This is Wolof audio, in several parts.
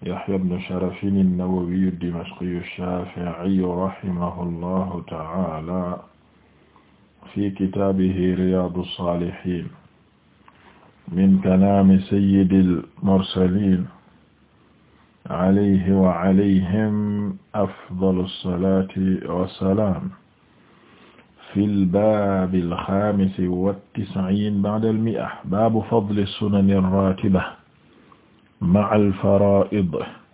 Yahya ibn Sharafin an-Nawawi ad-Dimashqi ash-Shafi'i rahimahullahu ta'ala fi kitaabihi Riyaadu s-Saalihiin min kalaami sayyidil mursaliin alayhi wa alayhim afdalu s-salaati wa s-salaam fil baabil xaamisi wat-tis'iin ba'dal mi'a baabu fadli s-sunani r-raatiba ma'a al-faraa'id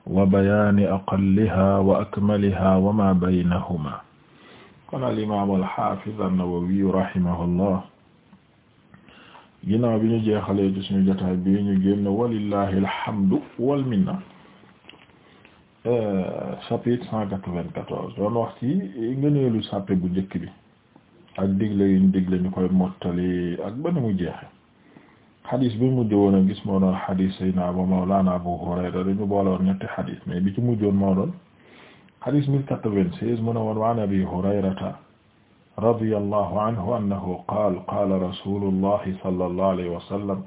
wa bayaani aqallihaa wa akmalihaa wa maa baynahumaa kon al-imaam al-haafiz an-Nawawi rahimahullah ginnaaw bi ñu jeexalee ci suñu jotaay bi ñu génn walillaahi alhamdu wal minna euh, chapitre cent quatre-vingt-quatorze doon wax ci ngëneelu sàppe bu njëkk bi ak digle yuñ digle ñu koy mottali ak ba nu mu jeexe xadis bi mujjoon a gis moo doon xadis Seydina Abu Mawlana Abu Hurayra dañu boole woon ñetti xadis mais bi ci mujjoon moo doon xadis mille quatre-vingt-seize mu ne woon wa an Abi Hurayrata radiyallahu anhu annahu qaala qaala rasuulullahi sallallahu alayhi wa sallam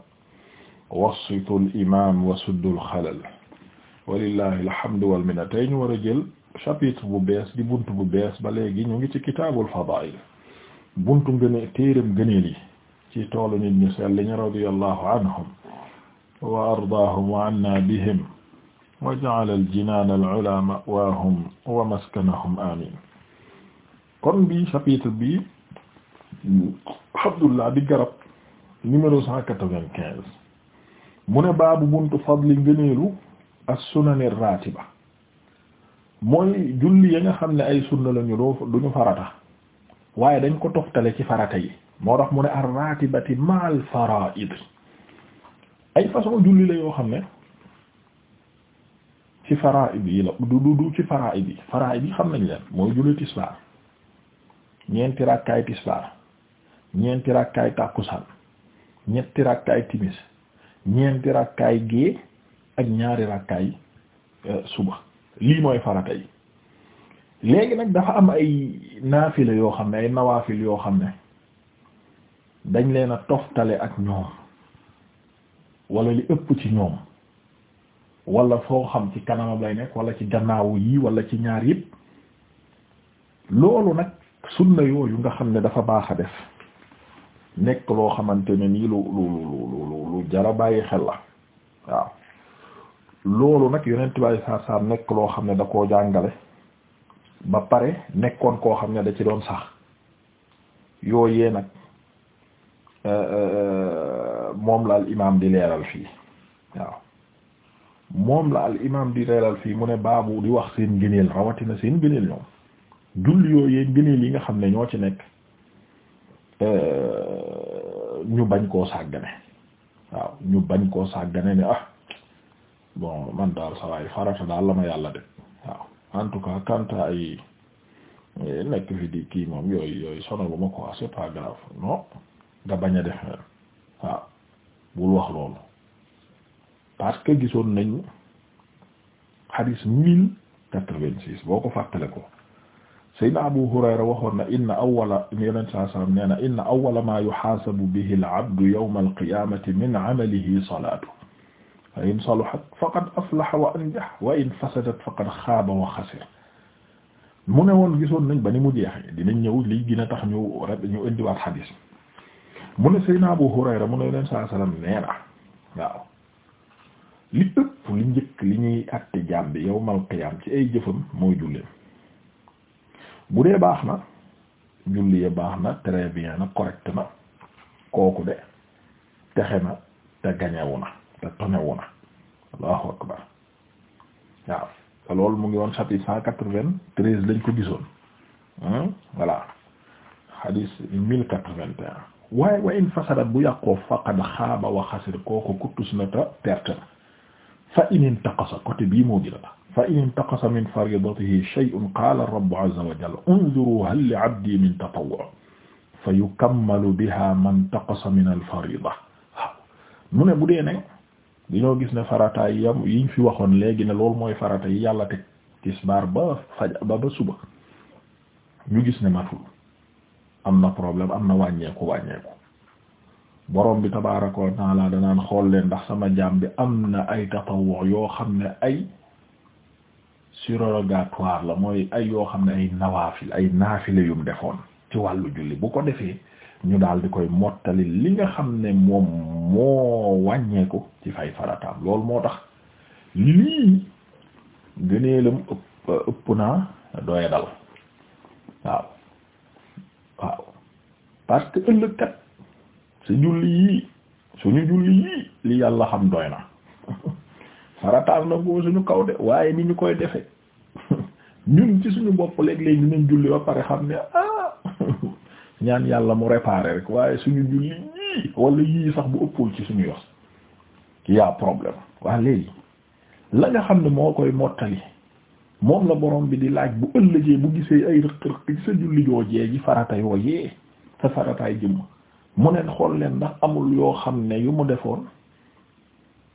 wassitul imaam wasuddul xalal walillahi alhamdu wal minna tey ñu war a jël chapitre bu bees di buntu bu bees ba léegi ñu ngi ci kitaabul fadaa'il buntu gëne téeram gëneel yi ci toolu nit ñu sell ñi radiyallahu anhum wa ardaahum wa anna bihim wa ja'ala al-jinaan al-'ulaa ma'waahum wa maskanahum kon bi chapitre bi Abdullah di garab numéro cent vingt quinze mu baabu buntu fadli ngëneelu as-sunan ar-raatiba mooy julli ya xam ne ay sunna lañu doo duñu farata waaye dañ ko toftale ci farata yi moo tax mu ne ar-ratibati ma'al fara'id ay façon julli la yoo xam ne ci fara'id yi la du du du ci fara'id yi fara'id yi xam nañ leen mooy julli tisbaar ñeenti rakkaay tisbaar ñeenti rakkaay tàkkusaan ñetti rakkaay timis ñeenti rakkaay gée ak ñaari rakkaay euh, suba lii mooy farata yi léegi nag dafa am ay naafila yoo xam ne ay nawaafil yoo xam ne dañ leen a toftale ak ñoom wala li ëpp ci ñoom wala foo xam ci kanamam lay nekk wala ci gannaawu yi walla ci ñaar yëpp loolu nag sunna yooyu nga xam ne dafa baax a def nekk loo xamante ne nii lu lu lu bàyyi xel la waaw nag yonent bàyyi saar nekk loo xam ne da koo jàngale ba pare nekkoon koo xam ne da ci doon sax yooyee nag Euh, euh, euh, moom la al imaam di leeral fii waaw moom la al imaam di leeral fii mu ne baabu di wax seen gëneel rawatina seen gëneel ñoom julli yooyee gëneel yi nga xam ne ñoo ci nekk ñu bañ koo sàggane waaw ñu bañ koo sàggane ne ah bon man daal sawaay farata daal la ma yàlla de waaw en tout cas kanta ay eh, nekk fi di kii moom yooyu yooyu sonal bu ma ko c'est pas grave nga bañ a def waaw bul wax loolu parce que gisoon nañu xadis mille quatre-vingt-six boo ko fàttale ko saydna abu hurayra waxoon na inna awwala yonent saa sallam nee na inna awwala ma yuhaasabu bihi al-abdu yawma al-qiyaamati min amalihi salaatu fa in saluhat wa anjaha wa in fasadat faqad xaaba wa xasira mu ne woon gisoon nañ ba ni mu jeexe dinañ ñëw lii gën a tax ñu rek ñu indiwaat xadis mu ne Seydina Abu Hurayra mu ne yeneen saa salaam nee waaw li ëpp li njëkk li ñuy àtte jaam bi yawmal qiyaam ci ay jëfam moo julleem bu dee baax na julli baax na très bien na correct na kooku de texe na te gañewu na te tonewu na Allahu akbar waaw te loolu mu ngi woon chapitre cent quatre-vingt-treize lañ ko gisoon voilà hadith mille quatre-vingt-un waaye wa in fasadat bu yàqoo faqad xaaba wa xasir kooku kuttus na ta perte na fa in intaqasa côté bii moo gën a fa in intaqasa min faridatihi shay'un qaala rabbu azza wa jalla unzuru hal li abdi min tatawwu fa biha man taqasa min al farida waaw mu ne bu dee ne dañoo gis ne farata yam fi waxoon léegi ne loolu mooy farata yi yàlla teg tisbaar ba faj ba suba ñu gis ne matul am na problème am na wàññeeku wàññeeku borom bi tabaaraka wa taala danaan xool leen ndax sama jaam bi am na ay tatawwu yoo xam ne ay surrogatoire la mooy ay yoo xam ne ay nawaafil ay naafile yum defoon ci wàllu julli bu ko defee ñu daal di koy mottali li nga xam ne moom moo wàññeeku ci fay farataam loolu moo tax lii gëneelam ëpp ëpp naa doya dal waaw waaw parce que ëllëg kat sa julli yii suñu julli yii li yàlla xam doy na farataal na ko suñu kaw de waaye ni ñu koy defe ñun ci suñu bopp léeg-léeg dinañ julli ba pare xam ne ah ñaan yàlla mu réparer rek waaye suñu julli yii wala yii sax bu ëppul ci suñu yos ki yaa problème waa léegi la nga xam ne moo koy mottali moom la borom bi di laaj bu ëllëgee bu gisee ay rëq-rëq ci sa julli joojee ji farata yooyee sa farataay jëmm mu neen xool leen ndax amul yoo xam ne yu mu defoon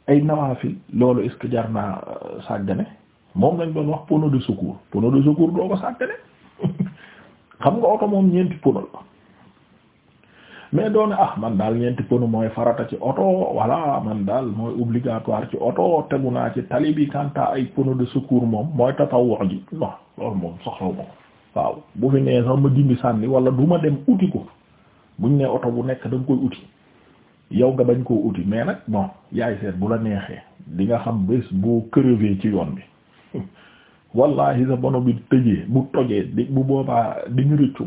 ay nawaafil loolu est-ce que jar naa euh, sàggane moom lañ doon wax pono de secours pono de secours doo ko sàggane xam nga oto moom ñeenti pono la mais doon ah man daal ñeenti pënu mooy farata ci oto walla man daal mooy obligatoire ci oto tegu naa ci tali bi kanta ay pono de secours moom mooy tatawwu ji non loolu moom soxlaw ma ko waaw bu fi nee sax ma dindi sànni wala duma dem uti ko buñ ne oto bu nekk da nga koy uti yow nga bañ koo uti mais nag bon yaay seet bu la neexee di nga xam bés boo crevé ci yoon bi wallahi sa bono bi tëjee bu tojee bu boobaa di ñu rëccu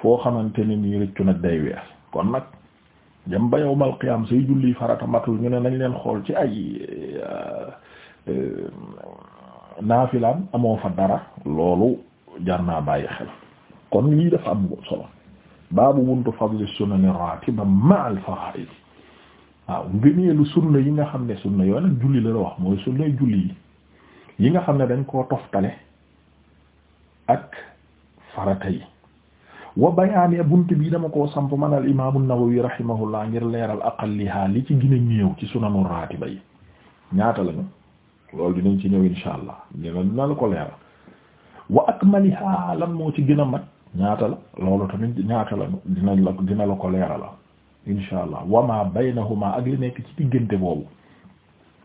foo xamante ne ñi rëccu nag day wees kon nag jëm ba yawmal qiyaam say julli farata matul ñu ne nañ leen xool ci ay euh, euh, naafilaan amoo fa dara loolu jar naa bàyyi xel kon lii dafa am solo baabu buntu fadli sunani raatiba ma'al faraa'id waaw ngëneelu sunna yi nga xam ne sunna yooyu nag julli la la wax mooy sunna julli yi yi nga xam ne dañ koo toftale ak farata yi wa bayaani bunt bii dama koo samp man al imaamu Nawawi rahimahullah ngir leeral aqalliha li ci gën a néew ci sunanu raatiba yi ñaata lañu loolu dinañ ci ñëw insha allah dina dina la ko leeral moo ci gën a mat ñaata la loolu ñaata lañu dina la dina la ko leeral insha allah wa ma baynahuma ak li nekk ci diggante boobu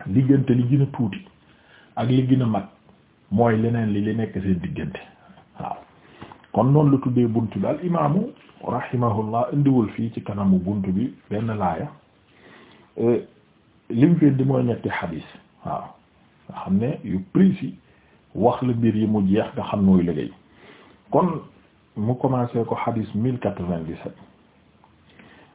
diggante li gën tuuti ak li gën a mooy leneen li li nekk seen diggante waaw kon noonu lu tuddee bunt bi al imaamu rahimahullah indiwul fii ci kanamu bunt bi benn laaya e, lim fi indi mooy ñetti xadiis waaw nga xam ne yu wax la mbir yi mu jeex nga xam nooy kon mu commencé ko xadiis mille quatre vingt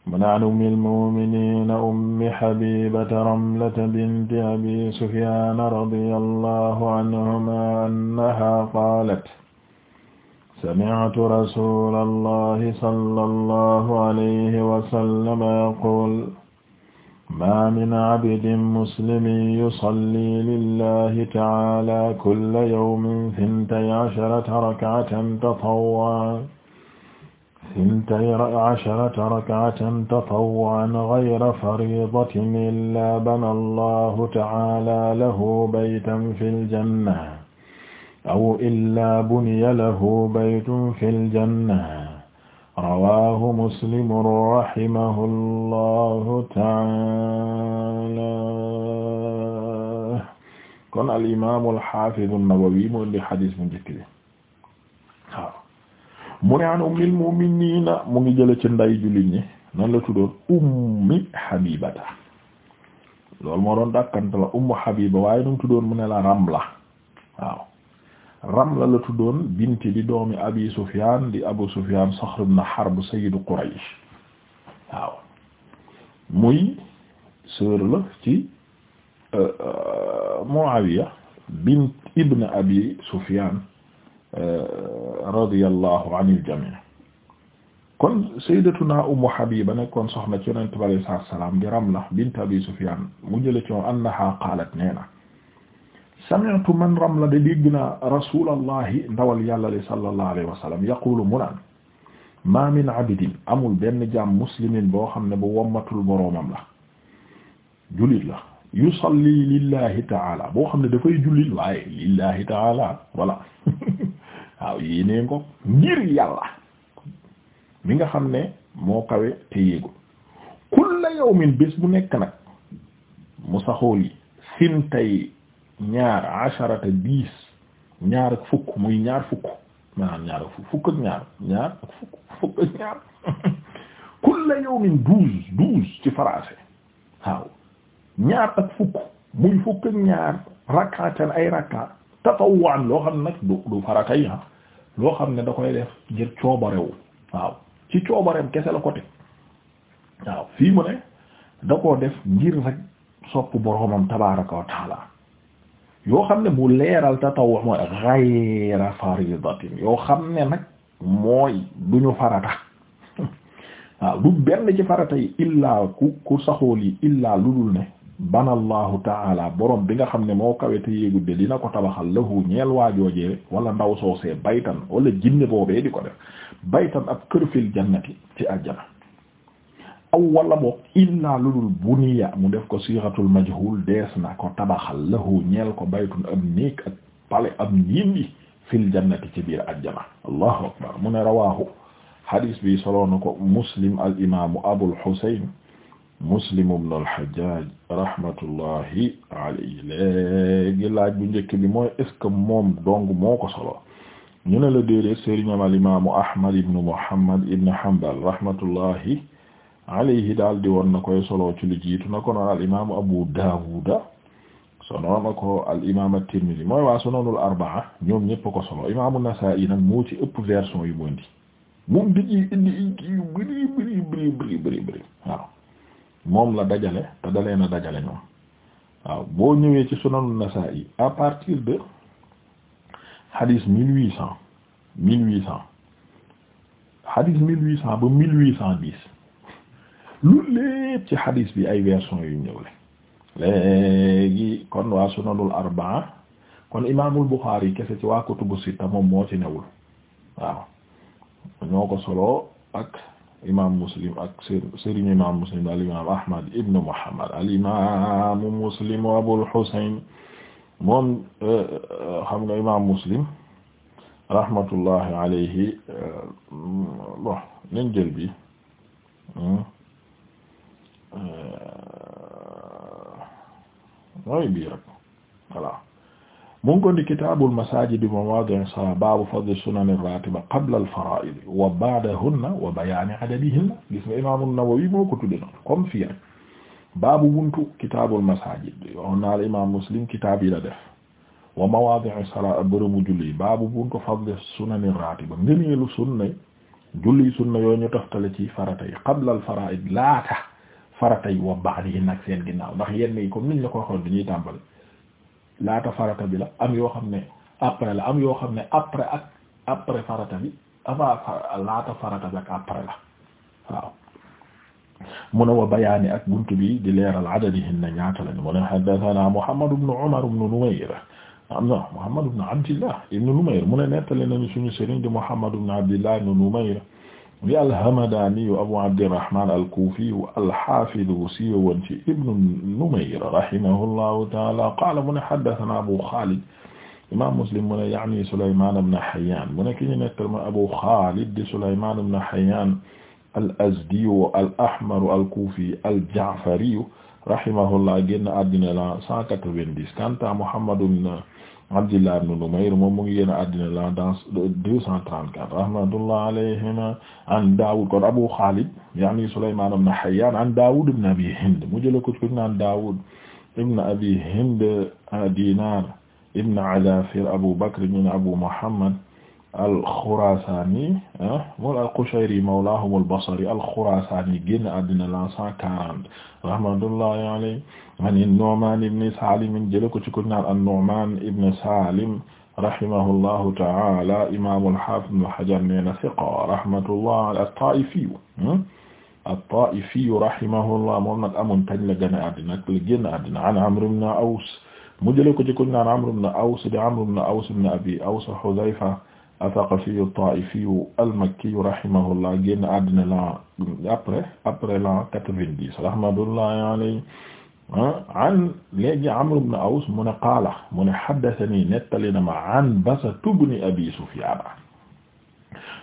mu naan ummi al-mu'miniin ummi habibata ramlata binti abi sufyaan radiyallahu anhuma annaha qaalat sami'tu rasulallahi sallallahu alayhi wa sallam yaqul ma min abdin muslimin yusalli lillahi ta'ala kulla yawmin thintay asharata rak'atan tatawwu'an thintay asharata rak'atan tatawwu'an ghayra fariidatin illa bana allahu ta'ala lahu baytan fil janna aw illaa buniya lahu baytun fil janna rawaahu muslim rahimahullahu taala kon al imaam al haafiz mu indi xadis bu njëkk bi mu ne an ummil mu'miniina mu ngi jële ci nday jullit ñi nan la tuddoon ummi Habibata loolu moo doon dàkkante la ummu Habiba waaye nu mu tuddoon mu ne la Ramla waaw. Ramla la tuddoon binti di doomi Abi Sufyan di Abu Sufyan Saxr ibn Harb sayyidu Quraysh waaw muy sœur la ci euh, euh, Muawiya bint ibn Abi Sufyan euh, radiyallahu anil jami' kon sayyidatuna Ummu Habiba nekkoon soxna ci Yonent bi alayhi salaam di Ramla bint Abi Sufyan mu jële ci annaha qaalat nee na sami'tu man ramla de dégg naa rasulallahi ndawal yàlla li sallallahu alayhi wa sallam ma min abidin amul benn jaam muslimin boo xam ne boo wommatul boroomam la jullit la yusalli lillahi taala boo xam ne dafay jullil waaye lillahi taala voilà waaw yéenee ko ngir yàlla mi nga xam ne moo kawe te yéegul kulla yawmin bés bu nekk nag mu saxool sintay ñaar asharata dix ñaar ak fukk muy ñaar fukk maanaam ñaar ak fukk fukk ak ñaar ñaar ak fukk fukk ak ci français waaw ñaar ak fukk muy fukk ak ñaar rakatan ay rakka tatawwan loo xam ne du du ah loo xam ne da koy def ngir coobarewu waaw ci coobareem kese la ko teg waaw fii mu ne da koo def ngir rek sopp boromam tabaraka wa taala yoo xam ne mu leeral tatawwu mooy ghayra faridatin yoo xam ne nag mooy du ñu farata waaw du benn ci farata yi illaa ku ku saxool yi illaa ludul ne banallahu taala borom bi nga xam ne moo kawete yéegudde dina ko tabaxal lahu ñeel waajoojee wala ndaw soosee baytan wala jinne boobee di ko def baytan ab kër fil jannati ci àjjana aw wala boog illaa ludul buniya mu def ko siratul majhul dees na ko tabaxal lahu ñeel ko baytun ab néeg ak pale ab njindi fil jannati ci biir ajjana allahu akbar mu ne rawahu hadis bi soloo na ko muslim al imamu abul husayn muslim ibn al hajjaj rahmatullahi alayhi léegi laaj bu njëkk bi mooy est ce que moom dong moo ko solo ñu ne la déedéet sëriñam al imamu ahmad ibn muhammad ibn hanbal rahmatullahi alayhi daal di woon na koy solo ci lu jiitu na ko noon al imaamu Abu Daawuda solo na ko al imaam at-Tirmidhi mooy waa sunanul arbaa ñoom ñëpp ko solo imaamu Nasaa'i nag moo ci ëpp version yu mu indi moom dañuy indi indi yu bëri bëri bëri bëri waaw moom la dajale te na dajale ñoom waaw boo ñëwee ci sunanul Nasaa'i à partir de hadis mille huit cent mille mille huit cent ba mille huit cent dix lu lépp ci hadis bi ay version yu ñëw le léegi kon waa sunanul arbaa kon imaamul Buxaari kese ci waa kutubu sitta moom moo ci newul waaw ñoo ko solo ak imaam Muslim ak sëriñ imaam Muslim al imaam Ahmad ibn Muhammad al imaam Muslim Abul Husayn moom euh, euh, xam nga imaam Muslim rahmatullahi alayhi euh, bon bi hmm? Euh, mooy bii rek ko di kitaabul masaajidi wa baabu fadli sunani raatiba qabla al-faraa'idi wa ba'dahunna wa bayaani adadihinna gis nga imaamu Nawawi moo ko tudde baabu buntu kitaabul masaajid waxoon naa la imaam Muslim kitaab yi wa mawaadi'i salaa julli baabu buntu fadli sunani raatiba ngëneelu sunna julli sunna yooyu ñu toftale ci farata qabla al laata. farata yi wa baax yi nag seen ginnaaw ndax yenn yi comme niñ la ko waxoon dañuy tàmbali laata farata bi la am yoo xam ne après la am yoo xam ne après ak après farata bi avant laata farata bi ak après la waaw mu ne wa bayaani ak bunt bi di leeral adadihin na ñaata lañu mu a haddathana Muhammad ibn Umar ibn Numayr am na Muhammad a Abdillah ibn mu ne nettali nañu suñu sëriñ di Muhammad ibn Abdillah ibn Numayr di alhamadaniyu abou abdirahman alkoufiyu alhafidu siyo woon ci ibnu noumair rahimahullahu taala qaala mu ne haddathana abou khalid imam muslim mu ne yaani souleyman ibn hayyan mu ne ki ñu nettal ma abou khalid di souleyman ibn hayyan al azdiyu al ahmaru alkoufi aljaafariyu rahimahullah génn àddina la 190 kanta muhammad ibn Abdullah ibn Numayr moom mu ngi génn àddina la dans deux cent trente-quatre rahmatullah alayhima an Daawud kon Abu Xaalid yaani Sulaymaan ibn Hayyaan an Daawud ibn Abi Hind mu jël ko ci naan Daawud ibn Abi Hind Diinaar ibn Azaafir Abu Bakr ibn Abu Muhammad al-Khurasani moom al-Qushayri mawlaahum al-Basri al-Khurasani génn àddina la cent quarante rahmatullahi alayhi an an-Nu'man ibn Salim jële ko ci ko naan an-Nu'man ibn Salim rahimahullahu ta'ala imam al-Hafiz Ibn Hajar neena thiqa rahmatullahi at-Ta'ifi at-Ta'ifi rahimahullah moom nag amoon kañ la gën a àddina nag la génn àddina an Amr ibn Aws mu jële ko ci ko naan Amr ibn Aws di Amr ibn Aws ibn Abi Aws Hudhayfa Athaqafiyu Taa'ifiyu al-Makkiyu rahimahullah génn àddina la après après l'an quatre-vingt-dix rahmatullahi alayhi ah, an léegi Amr ibn Aws mu ne qaala mu ne haddathanii nettali na ma an Basa ibn Abi Sufyaan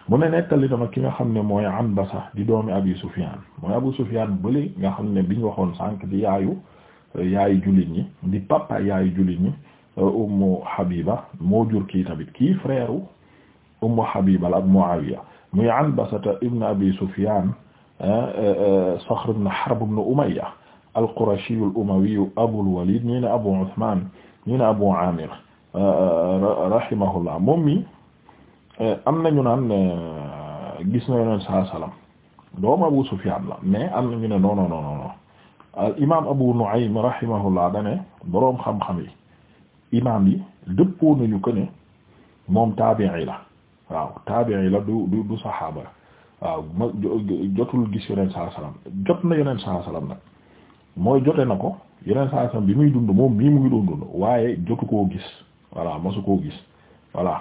mu ne nettali ma ki nga xam ne mooy an Basa di doomi Abi Sufyaan mooy Abu Sufyaan bële nga xam ne biñ waxoon sànq di yaayu yaayu jullit ñi di papa yaayu jullit ñi Ummu Habiba moo jur kii tamit kii frère ummu Habiba ak Muawiya muy Anbasata ibn Abi Sufyan eh, eh, Saxr ibn Harb ibn Umayya al-Qurashi al-Umawi Abul Walid ñi ne Abu Uthman ñi ne Abu Amir eh, rahimahullah moom mi am nañu naan gis na Yonent sallallahu alayhi wasallam doomu Abu Sufyan la mais am nañu ne non non non non al imaam Abu Nu'aym rahimahullah dane boroom xam-xam yi imaam yi dëppoo nañu ko ne moom taabi'i la waaw taabi'i la du du du saxaaba waaw ma jotul gis yeneen saa salaam jot na yeneen saa salaam nag mooy jote na ko yeneen saa salaam bi muy dund moom mii mu ngi waaye jotu koo gis voilà masu koo gis voilà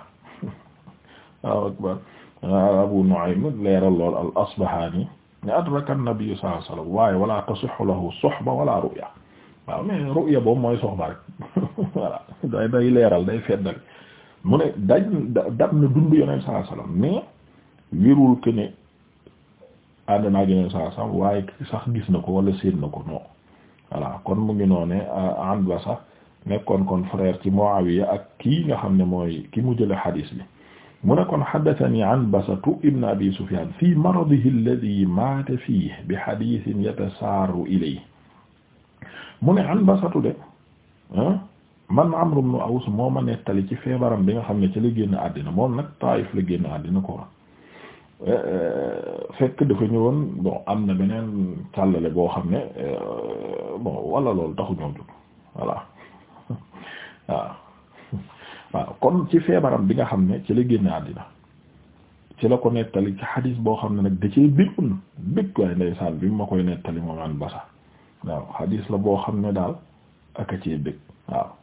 waaw akbar Abu Nu'aym leeral lool al-Asbahaani ne adraka an-nabi sallallahu waaye wala tasihhu lahu suhba wala ru'ya waaw mais ru'ya boobu mooy soxba rek voilà day day leeral day feddal mu ne daj dab na dund yonent saa sallam mais wirul que ne ànd naa yonent saa sallam waaye sax gis na ko wala séen na ko non voilà kon mu ngi noone ànd euh, ba sax nekkoon kon frère ci Muawiya ak kii nga xam ne mooy ki mu jële xadis bi mu ne kon haddathanii Anbasatu ibn Abi Sufyaan fii maradihi alladhii maata fiihi bi hadiithin yatasaaru ilayhi mu ne Anbasatu de man Amr ibn Aws moo ma nettali ci feebaram bi nga xam ne ci la génn àddina moom nag Taayif la génn àddina ko euh, euh, fekk dafa ñëwoon bon am na beneen càllale boo xam ne euh, bon wala loolu taxu ñoo jug voilà waaw kon ci feebaram bi nga xam ne ci la génn àddina ci la ko nettali ci xadiis boo xam ne nag da cee béggoon bégg waaye ndeysaan bi ma koy nettali moom an basa waaw xadiis la boo xam ne daal aka cee bégg waaw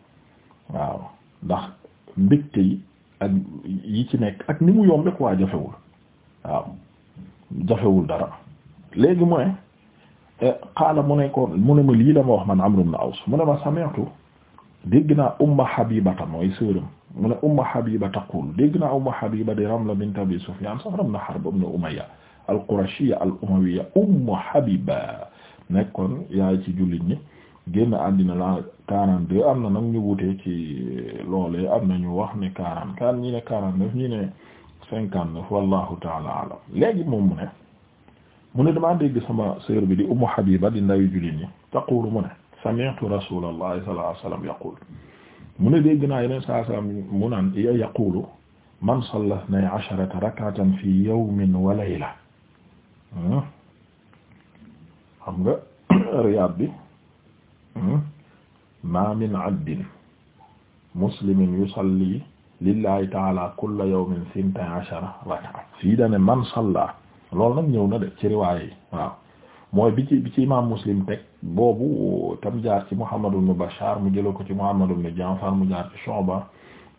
waaw ndax mbégte yi ci nekk ak ni mu yombe quoi jafewul waaw jafewul dara léegi mu ne eh, qaala mu ne ko mu ne ma lii la ma wax man Amru ibn Aws mu ne ma sami'tu dégg naa Umma Habibata mooy sërëm mu ne Umma Habiba taqul dégg naa Umma Habiba di Ramla bint Abi Sufyan Saxr ibn Harb ibn Umayya al-Qurashiyya al-Umawiyya Umma Habiba nekkoon yaay ci jullit ñi génn àddina la 42 am na nag ñu wute ci loolee am na ñu wax ne 44 ñi ne 49 ñi ne 59 wallahu taala alam léegi moom mu ne mu ne damaa dégg sama sœur bi di Ummu Habiba di ndawi jullit ñi taqulu mu ne sami'tu rasulallahi sallallahu alayhi wasallam yaqul mu ne dégg naa yeneen saa sallam mu naan yaqulu man salla ithnay asharata rak'atan fi yawmin wa layla hmm? xam nga Riyad bi Hmm? ma min abdin muslimin yusalli lillahi taala kulla yawmin sinta ashara raka fii dane loolu nag ñëw na de ci riwaaya yi waaw mooy bi ci bi ci imam muslim teg boobu tam jaar ci muhammad ibn bashar mu jëla ko ci muhammad ibn ja'far mu jaar ci shu'ba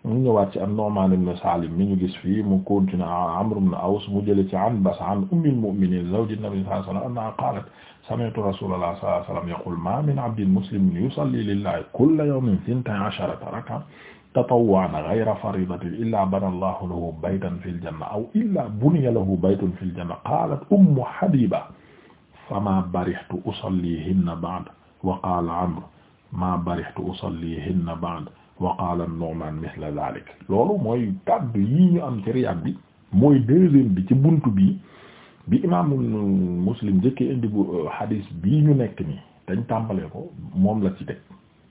ñu ñëwaat ci an-Nu'man ibn Salim mi ñu gis fii mu continue Amr ibn Aws mu jële ci Anbas an ummil mu'minin zawji nabi sallallahu alayhi wa sallam annaha qalat sami'tu rasulullah sallallahu alayhi wa sallam yaqul ma min abdin muslimin yusalli lillahi kulla yawmin thintay asharata rak'a tatawwan ghayra faridatin illa bana allahu lahu baytan fil janna aw illa buniya lahu baytun fil janna qalat ummu Habiba fama barihtu usallihinna ba'd wa qala Amr ma barihtu usallihinna ba'd wa qaala an-Nu'man mithla loolu mooy kàddu yi ñu am ci Riyad bi mooy deuxième bi ci bunt bi bi imaamu Muslim jëkkee indi bu euh, hadis bii ñu nekk nii dañ tàmbalee ko moom la ci teg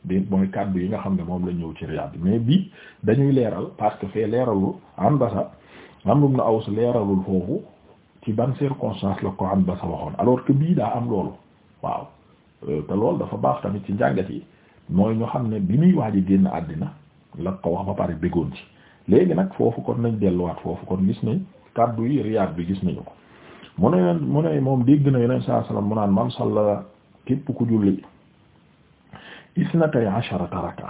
bi mooy kàddu yi nga xam ne moom la ñëw ci Riyad bi mais bii dañuy leeral parce que fee leeralul Anbasa Amr ibn Aws leeralul foofu ci ban circonstance la ko Anbasa waxoon alors que bii daa am loolu waaw euh, te loolu dafa baax tamit ci njàngat yi mooy ñu xam ne bi muy waaj a génn àddina la ko wax ba pare bëggoon ci léegi nag foofu kon nañ delluwaat foofu kon gis nañ kàddu yi riyaat bi gis nañu ko mu ne moom dégg na yeneen saa salaam mu naan man salla képp ku julli isnatay asharata raka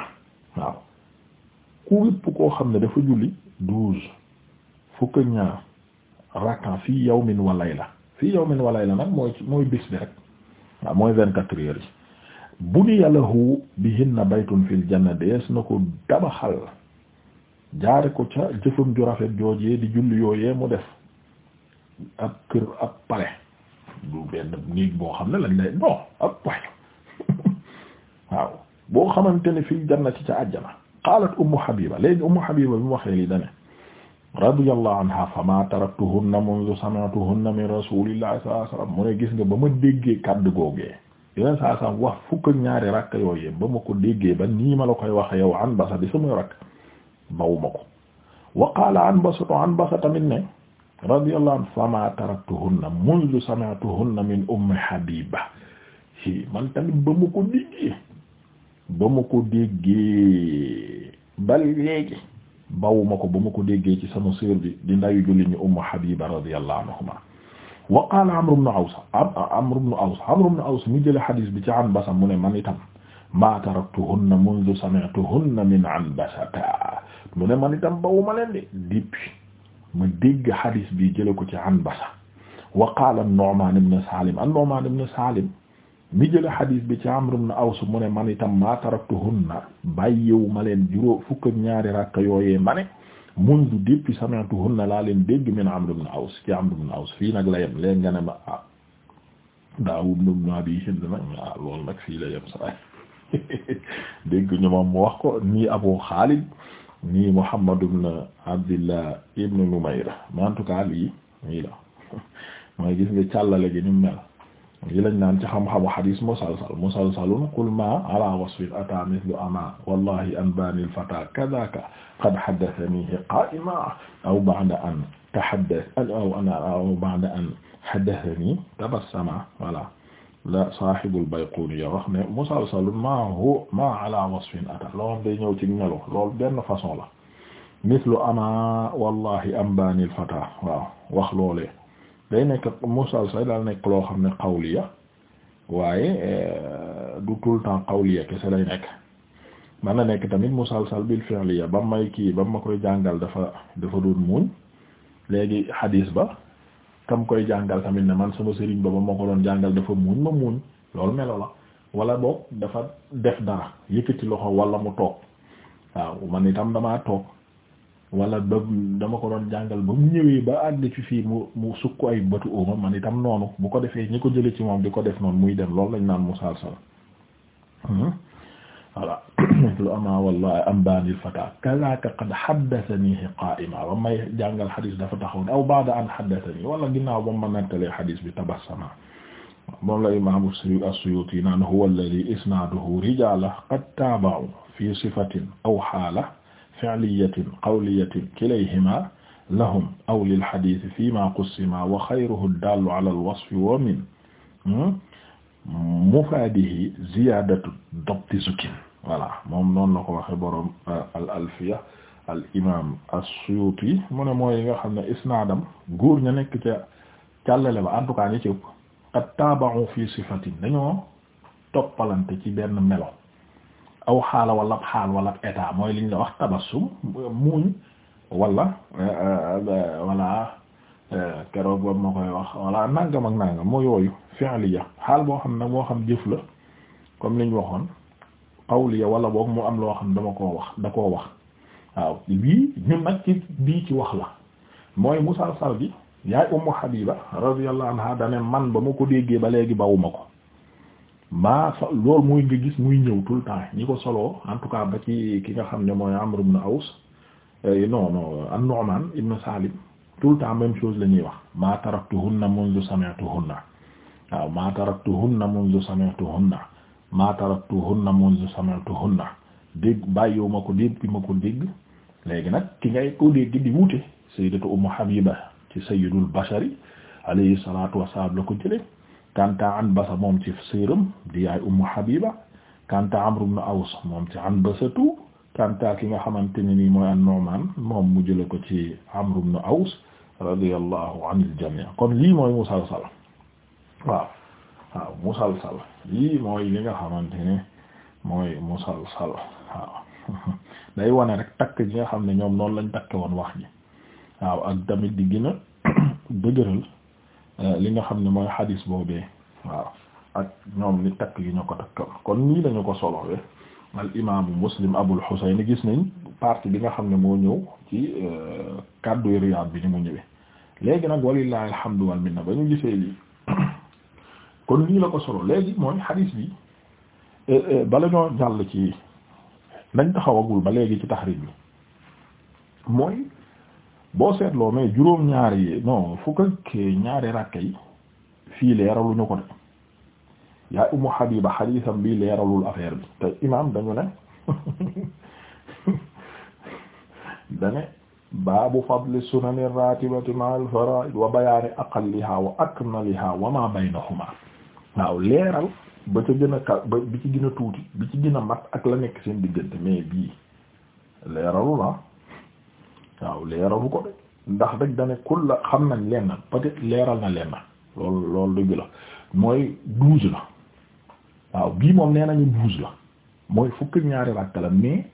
waaw ku képp koo xam ne dafa julli douze fukk ak ñaar raka fii yawmin la layla fii yawmin wa layla nag mooy mooy bis bi rek waaw mooy vingt-quatre yi buniya lahu bihinna baytun fil janna dees na ko dabaxal jaare ko ca jëfam ju rafet joojee di julli yooyee mu def ab kër ab pale du benn néeg boo xam ne lañ lay non ab pale waaw boo xamante ne fil jannati ca àjjana qaalat ummu habiba léegi ummu habiba bi mu waxee li dane radiyallahu anha fama taraktuhunna mundu sami'tuhunna min rasulillahi sallallahu alayhi wasallam mu ne gis nga ba ma déggee kàddu googee yeneen saa saam wax fukk ak ñaari rakk yooyu ba ma ko déggee ba nii ma koy wax yow an basa di sama rakk bawuma ko wa qaala an basatu tamit ne radiyallahu anhu fama taraktuhunna mundu sami'tuhunna min ummi habiba hi man tamit ba ma ko déggee ba ma ko déggee ba léegi bawuma ko ba ma ko déggee ci sama sœur bi di ndayu julli ñu ummu habiba radiyallahu anhuma wa qaala Amr ibn Aws Amr ibn Aws Amr ibn Aws mi jële xadis bi ci Anbasa mu ne man itam maa taraktuhunna mundu sami'tuhunna min Anbasata mu ne man itam bawuma leen de depuis ma dégg xadis bi jële ko ci Anbasa wa qaala an-Nu'man ibn Salim an-Nu'man ibn Salim mi jële xadis bi ci Amr ibn Aws mu ne man itam maa taraktuhunna bàyyiwu ma leen juróom fukk ak ñaari rakka yooyee ma ne mundu depuis sami'tuhunna laa leen dégg min Amr ibn Aws ci Amr ibn Aws fii nag la yem léegi nga ne ma ah Daawuud Abi Hind nag ah loolu nag fii la yem saa dégg ñu moom mu wax ko nii Abu Xaalid nii Muhammad ibn Abdillah ibn Numayr en tout cas lii nii la gis nga càllale gi ni yi lañ naan ci xam-xamu xadis musalsal musalsalun qul ma ala wasfin ata mithlu ama wallahi anbani alfata kadaka qad haddathanihi qa'ima aw ba'da an tahaddath aw ana aw ba'da an haddathani tabassama voilà la sahibul bayquni ya wax ne musalsalun ma hu ma ala wasfin ata loo xam day ñëw ci melo loolu benn façon la mithlu ama wallahi anbani alfata waaw wax loolee day nekk musalsal daal nekk loo xam ne qawliya waaye euh, du tout le temps qawliya kese lay nekk man na nekk tamit musalsal bil fi'liya bam may kii ba ma koy jàngal dafa dafa doon muuñ léegi xadiis ba tam koy jàngal tamit ne man sama sëriñ ba ba ma ko doon jàngal dafa muuñ ma muuñ loolu melo la wala boog dafa def dara yëkkati loxo wala mu toog waaw man itam damaa toog wala ba dama ko doon jàngal ba mu ñëwee ba àgg ci fii mu mu sukk ay batu ooma man itam noonu bu ko defee ñi ko jële ci moom di ko def noonu muy dem loolu lañ naan musalsal hmm? voilà lu ama wallahi am baanil fata kazaka qad haddathanihi qa'ima ba jàngal xadis dafa taxaw aw ba'da an haddathani wala ginnaaw ba ma nettalee xadis bi tabassama moom la imam as-Suyuti naan huwa alladhi isnaduhu rijala qad taaba'u fi sifatin aw haala fi'liyatin qawliyatin kilayhima lahum aw lil hadith fima qussima wa xayruhu dallu ala al-wasfi wa min hmm, mufaadihi ziyaadatu dabti zukin voilà moom noonu la ko waxe boroom euh, al alfiya al imaam as-Suyuti mu ne mooy nga xam ne isnaadam góor ña nekk ca càllale ba en tout cas ñi ci ëpp qad taaba'u fi sifatin dañoo toppalante ci benn melo aw xaala wala xaal wala état mooy liñ la wax tabassum muuñ wala wala euh, euh, euh, keroog ba ma koy wax wala nangam ak nangam moo yooyu fi'liya xaal boo xam nag moo xam jëf la comme liñ waxoon qawliya wala boog mu am loo xam dama ko wax da koo wax waaw bii ñun nag ci bii ci wax la mooy musalsal bi yaay Ummu Habiba radiyallahu anha dane man ba ma ko déggee ba léegi ma ko maa fa loolu muy nga gis muy ñëw tout le ñi ko solo en tout cas ba ci ki nga xam ne mooy Amr ibn Aws eh, non non an-Nu'man ibn Salim tout le même chose la ñuy wax ma taraktuhunna mundu sami'tuhunna waaw ma taraktuhunna mundu sami'tuhunna ma taraktuhunna mundu sami'tuhunna dégg bàyyiwuma ko dégg bi ma ko dégg léegi nag ki ngay ko dégg di wuute sayyidatu Ummu Habiba ci sayyidul bashari alayhi salaatu wassalam la ko jëlee kanta Anbasa moom ci siiram di yaay Ummu Habiba kanta Amr ibn Aws moom ci Anbasatu kanta ki nga xamante ne nii mooy an-Nu'man moom mu jële ko ci Amr ibn Aws radiyallahu anil jami' kon lii mooy musalsal waaw waaw musalsal lii mooy li nga xamante ne mooy musalsal waaw day wane rek takk ji nga xam ne ñoom noonu lañ takke woon wax ji waaw ak tamit di gën Euh, li nga xam ne mooy xadis boobee waaw ak ñoom ni takk gi ñu ko takkal kon nii lañu ko solowee al imaamu muslim abul xuseyn gis nañ partie bi nga xam ne moo ñëw ci euh, kàddu riyaad bi ni mu ñëwee léegi nag walillahi alhamdu wal minna ba ñu gisee lii kon nii la ko solo léegi mooy xadis bi euh, bala ñoo jàll ci nañ taxawagul ba léegi ci taxriij bi mooy boo seetloo mais juróom-ñaari yi non fukk ak ñaari rakka yi fii leeralu ko de yaay Ummu Habiba xadiisam bii leeralul affaire bi te imaam dañu ne dane baabu fadli sunani ratibati ma al wa bayaani aqalliha wa akmaliha wa ma baynahuma waaw leeral ba ca gën a ka ba ci gën a tuuti bi ci gën a mat ak la nekk seen diggante mais bii leeralu la ah. waaw leeralu ko de ndax rek dane kul la xam nañ lenn peut-être leeral na lenn loolu loolu dëgg la mooy douze la waaw bii moom nee nañu douze la mooy fukk ñaari ràkka la mais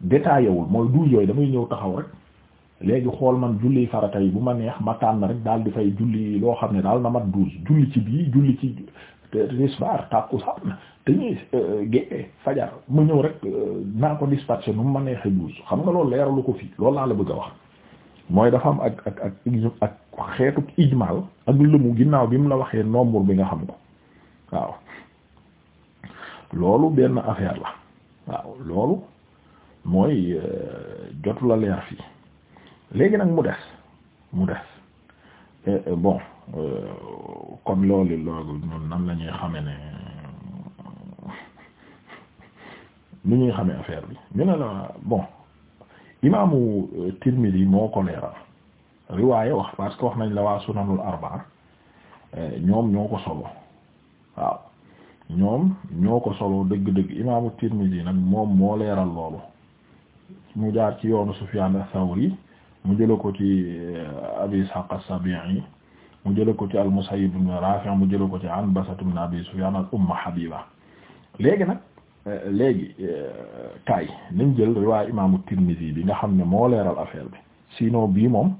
détaillé mooy douze yooyu damay ñëw taxaw rek léegi xool man julli farata yi bu ma neex ma tànn rek daal di fay julli loo xam ne daal na mat douze julli ci bii julli ci te tisbaar tàkkusaan dañuy euh, géej fajar mu ñëw rek euh, naa ko dispatché nu mu ma neexee douze xam nga loolu leeralu ko fii loolu laa la bëgg a wax mooy dafa am ak ak ak ak xeetu ijmal ak lëmu ginnaaw bi mu la waxee nombre bi nga xam ko waaw loolu benn affaire la waaw loolu mooy euh, jotu la leer fii léegi nag mu des mu des kon euh, loolu loolu ñun nan la ñuy xame ne lu ñuy xame affaire bi ñu ne la bon imaamu yi euh, moo ko leeral riwaaye wax parce que wax nañ la waa sunanul arbaa euh, ñoom ñoo ko solo waaw ñoom ñoo ko solo dëgg-dëgg imaamu Tirmidhi nag moom moo leeral loolu mu jaar ci yoonu Sufyaan as-Sawri mu jëla ko ci Abi Ishaq as-Sabi'i mu jëlee ko ci al-Musayyib ibn Rafi' mu jëlee ko ci Anbasat ibn Abi Sufyan ak Umm Habiba léegi nag euh, léegi kaay euh, nañ jël riwaay imaamu bi nga xam ne moo leeral affaire bi sinon bii moom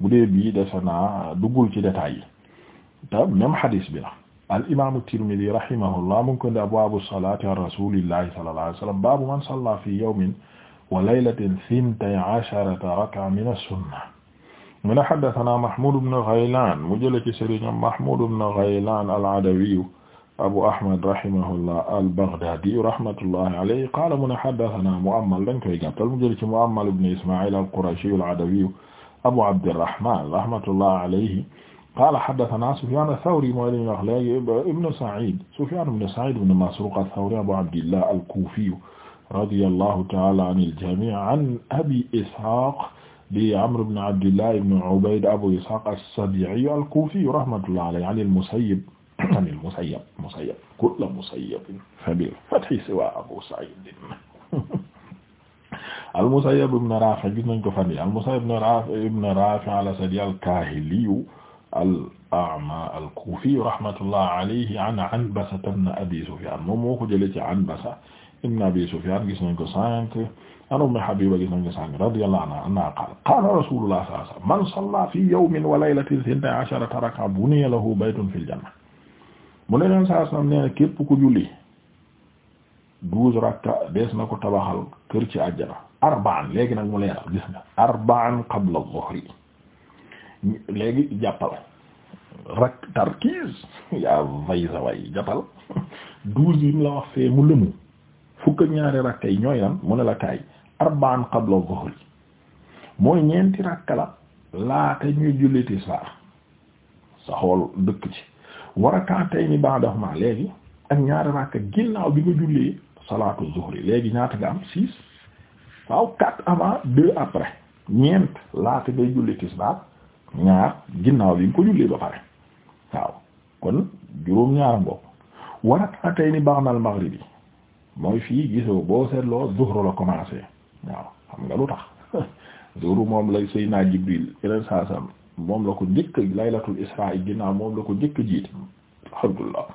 bu dee bii dese naa duggul ci détails yi te même hadis bi la al imaamu Tirmidhi rahimahullah mu ngi ko indi abwaabu salaati an rasuulillahi sallallahu alayhi man salla fi yawmin wa laylatin thintay asharata min as-sunnah mu ne haddathana Mahmoud ibn Ghaylan mu jële ci sëriñam Mahmoud ibn Ghaylan al-Adawiyu Abu Ahmad rahimahullah al-Baghdadiyu rahmatullahi alayhi qaala mu ne haddathana Mu'ammal dañ koy gàttal mu jële ci Mu'ammal ibn Isma'il al-Qurashiyu al-Adawiyu Abu Abdirrahman rahmatullahi alayhi qaala haddathana Sufyan ath-Thawri mooy lañu wax léegi ibn Sa'id Sufyan ibn Sa'id ibn Masruq ath-Thawri Abu Abdillah al-Kufiyu radiyallahu ta'ala anil jami' an Abi Ishaq di Amr ibn Abdillah ibn Ubayd Abu Ishaq as-Sabi'i al-Kufi rahmatullahi alayhi an al-Musayyib an al-Musayyib Musayyib kullu Musayyibin fabil-fathi siwa Abu Sa'id al-Musayyib ibn Rafi' gis nañ ko fan al-Musayyib ibn Rafi' al-Asadi al-Kahili al-A'ma al-Kufi rahmatullahi alayhi an Anbasa ibn Abi Sufyan moom moo ko jëlee ci Anbasa ibn Abi Sufyan gis nañ ko sànq an Ummi Habiba gis a ko sànq radiyallahu anha annahaa qaalat qaala rasuulullah sallallahu alayhi wa sallam man sallaa fii yawmin wa laylatin ithnatay asharata rak'a buniya lahu baytun fil mu ne leen saa sallam na ku julli douze rakka dees na ko tabaxal kër ci àjjana arba'an léegi nag mu leeral gis nga arba'an qabla dhuhri léegi jàppal rak tarkiis yaa vay sa way la wax fee mu lëmu fukk ak ñaari rakka yi ñooy lan mu ne la kaay arbaan qabla dhuhri mooy ñeenti rakka la laata ñuy julli tisbaar sa xool dëkk ci war a kaatay ni ba'dahuma léegi ak ñaari rakka ginnaaw bi nga jullee salaatu zuhri léegi ñaata nga am six waaw quatre avant deux après ñeent laata ngay julli tisbaar ñaar ginnaaw bi nga ko jullee ba pare waaw kon juróom ñaar ngoog war a kaatay ni ba'dal maghribi mooy fii gisoo boo seetloo zuhru la commencé waaw xam nga lu tax joru moom lay Seydina Jibril yeneen saa sam moom la ko njëkk laylatul isra ginnaaw moom la ko njëkk jiite alhamdulillah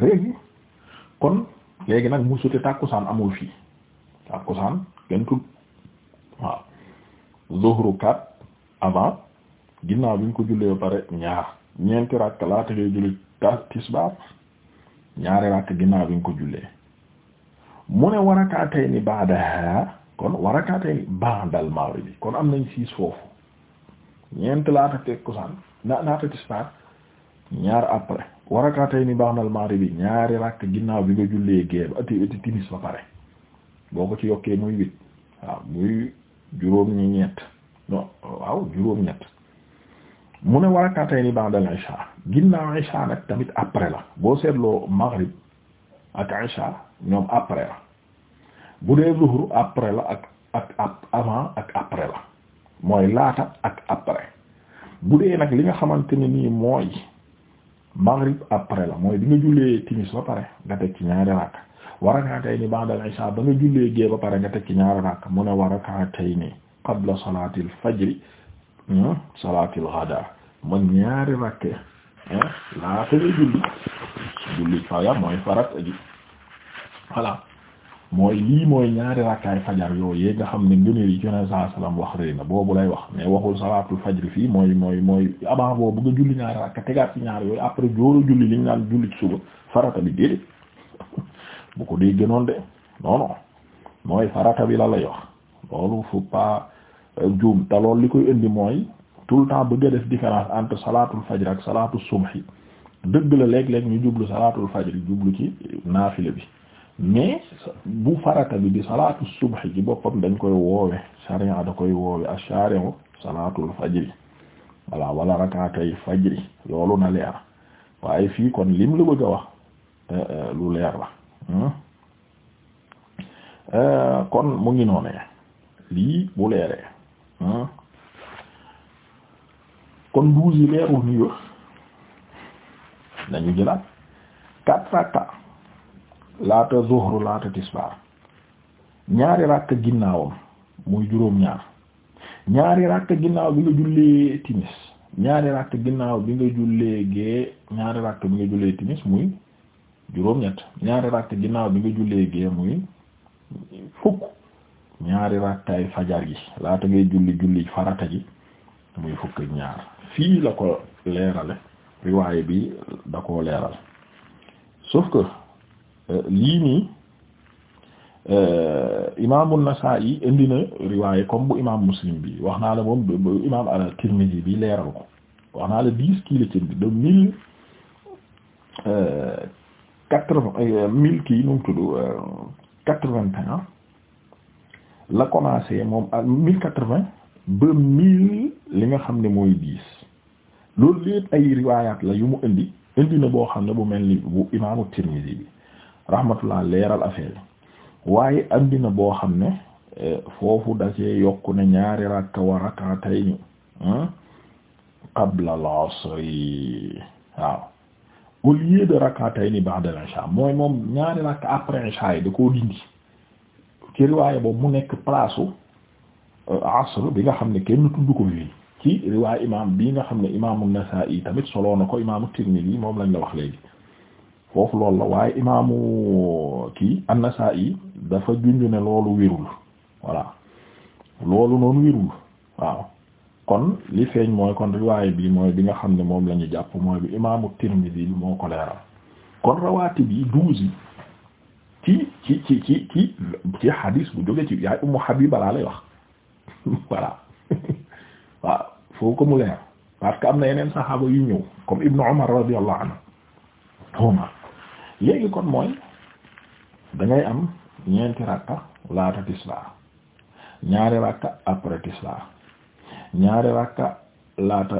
léegi kon léegi nag mu sute tàkkusaan amul fii tàkkusaan kenn tudd waaw zuhru kat avant ginnaaw bi ñu ko jullee ba pare ñaar ñeenti rakk laata ngay julli ta ñaari rakk ginnaaw bi ñu ko jullee mu ne warakaatay ni baadaha kon warakaatay ni baadal maghrib bi kon am nañ siis foofu ñeent laata takkusaan naa laata tisbaar ñaar après warakaatay ni baadal maghrib bi ñaari rakk ginnaaw bi nga jullee gée ba ati timis ba pare boo ko ci yokkee muy huit waaw muy juróom ñi ñett non waaw juróom ñett mu ne warakaatay ni baadal isha tamit après la boo seetloo maghrib ak isha ñoom après la bu dee zuhru après la ak ak avant ak après la mooy laata ak après bu dee nag li nga xamante ne nii mooy maghrib après la mooy di nga jullee timis ba pare nga teg ci ñaari rakk war akaa tay ni ba'dal isha ba nga jullee gée ba pare nga teg ci ñaari rakk mu ne war akaa tay ni qabla salaatil fajri hmm, salaatil ghada man ñaari rakke laata ngay julli julli fajar mooy farat ji voilà mooy lii mooy ñaari rakkaay fajar yooyu nga xam ne ngëneel yi ci yoneen saa salaam wax rëy na boobu lay wax mais waxul salaatul fajri fii mooy mooy mooy avant boobu nga julli ñaari rakka tegaat ci ñaari yooyu après jooro julli naan julli suba farata bi déedéet bu ko dee gënoon de non mooy farata bi la lay wax loolu faut pas euh, juum te li koy indi mooy tout le temps bëgg a def différence entre salaatul fajr ak salaatul subhi dëgg la léeg-léeg ñu jublu salaatul fajr jublu ci naafile bi mais bu farata bi di salaatul subhi ci boppam dañ koy woowe sharia da koy woowe ash-shari'u salaatul fajri walla wala rakaatay fajri loolu na leer waaye fii kon lim lu bëgg wax e, lu leer la hmm? e, kon mu ngi noonee lii bu leeree hmm? kon douze yi leerul ni yo nañu jëlaat quatre rakka laata zuhru laata tisbaar ñaari rakka ginnaawam muy juróom ñaar ñaari rakka ginnaaw bi nga jullee timis ñaari rakka ginnaaw bi nga jullee gée ñaari rakka bi nga jullee muy juróom ñaari rakka ginnaaw bi nga jullee gée muy fukk ñaari rakkaay fajar yi laata ngay julli julli farata ji muy fukk ñaar fii la ko leerale riwaay bi da koo leeral sauf que euh, lii nii euh, imaamu Nasaa'i indi na riwaay comme bu imaam Muslim bi wax naa la moom bu imaam al-Tirmidhi bi leeral ko wax naa la dix kii la ci de mille euh, quatre-vingt mille kii nu mu la commencé moom mille quatre-vingt ba mille li nga xam ne mooy dix loolu lépp ay riwaayaat la yu mu indi indi na boo xam ne bu mel ni bu imaamu Tirmidhi bi rahmatullah leeral affaire waaye indi na boo xam ne eh, foofu da cee yokku ne ñaari rakka wa rak'atayni hmm, qabla al-'asri waaw au lieu de rak'atayni ba'da al-'isha mooy moom ñaari rakka après isha yi da koo dindi ci riwaaya boobu mu nekk place u eh, asr bi nga xam ne kenn tudd ko fii ci riwaay imaam bi nga xam ne imaamu Nasaa'i tamit solo na ko imaamu Tirmidhi moom lañ la wax léegi foofu loolu la waaye imaamu kii an-Nasaa'i dafa junj ne loolu wérul voilà loolu noonu wérul waaw kon li feeñ mooy kon riwaay bi mooy bi nga xam ne moom la ñu jàpp mooy bi imaamu Tirmidhi bi moo ko leeral kon rawaatib yi douze yi ci ci ci ci ci bu jóge ci yaay Ummu Habiba laa lay wax voilà waaw foo ko mu leer parce que am na yeneen saxaaba yu ñëw comme Ibnu Umar radiyallahu anhu léegi kon mooy dangay am ñeenti rakka laata tisbaar ñaari rakka après tisbaar ñaari rakka laata